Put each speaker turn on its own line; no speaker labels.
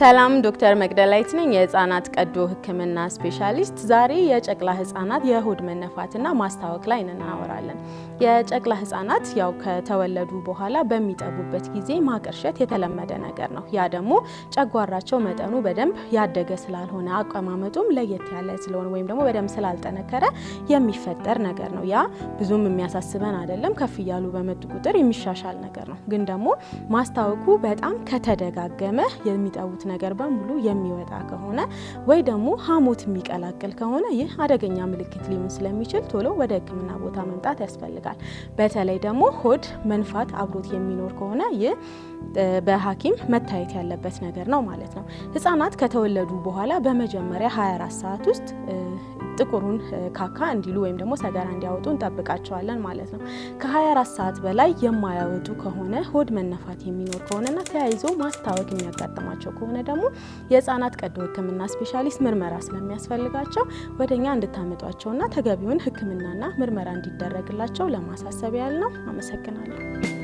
ሰላም ዶክተር መቅደላይት ነኝ የህፃናት ቀዶ ህክምና ስፔሻሊስት። ዛሬ የጨቅላ ህፃናት የሆድ መነፋትና ማስታወክ ላይ እናወራለን። የጨቅላ ህፃናት ያው ከተወለዱ በኋላ በሚጠቡበት ጊዜ ማቀርሸት የተለመደ ነገር ነው። ያ ደግሞ ጨጓራቸው መጠኑ በደንብ ያደገ ስላልሆነ አቀማመጡም ለየት ያለ ስለሆነ ወይም ደግሞ በደንብ ስላልጠነከረ የሚፈጠር ነገር ነው። ያ ብዙም የሚያሳስበን አይደለም። ከፍ እያሉ በመጡ ቁጥር የሚሻሻል ነገር ነው። ግን ደግሞ ማስታወኩ በጣም ከተደጋገመ የሚጠቡት ነገር በሙሉ የሚወጣ ከሆነ ወይ ደግሞ ሀሞት የሚቀላቅል ከሆነ ይህ አደገኛ ምልክት ሊሆን ስለሚችል ቶሎ ወደ ሕክምና ቦታ መምጣት ያስፈልጋል። በተለይ ደግሞ ሆድ መንፋት አብሮት የሚኖር ከሆነ ይህ በሐኪም መታየት ያለበት ነገር ነው ማለት ነው። ህጻናት ከተወለዱ በኋላ በመጀመሪያ 24 ሰዓት ውስጥ ጥቁሩን ካካ እንዲሉ ወይም ደግሞ ሰገራ እንዲያወጡ እንጠብቃቸዋለን ማለት ነው። ከ24 ሰዓት በላይ የማያወጡ ከሆነ ሆድ መነፋት የሚኖር ከሆነና ተያይዞ ማስታወክ የሚያጋጥማቸው ከሆነ ደግሞ የህፃናት ቀዶ ህክምና ስፔሻሊስት ምርመራ ስለሚያስፈልጋቸው ወደ እኛ እንድታመጧቸውና ተገቢውን ህክምናና ምርመራ እንዲደረግላቸው ለማሳሰብ ያህል ነው። አመሰግናለሁ።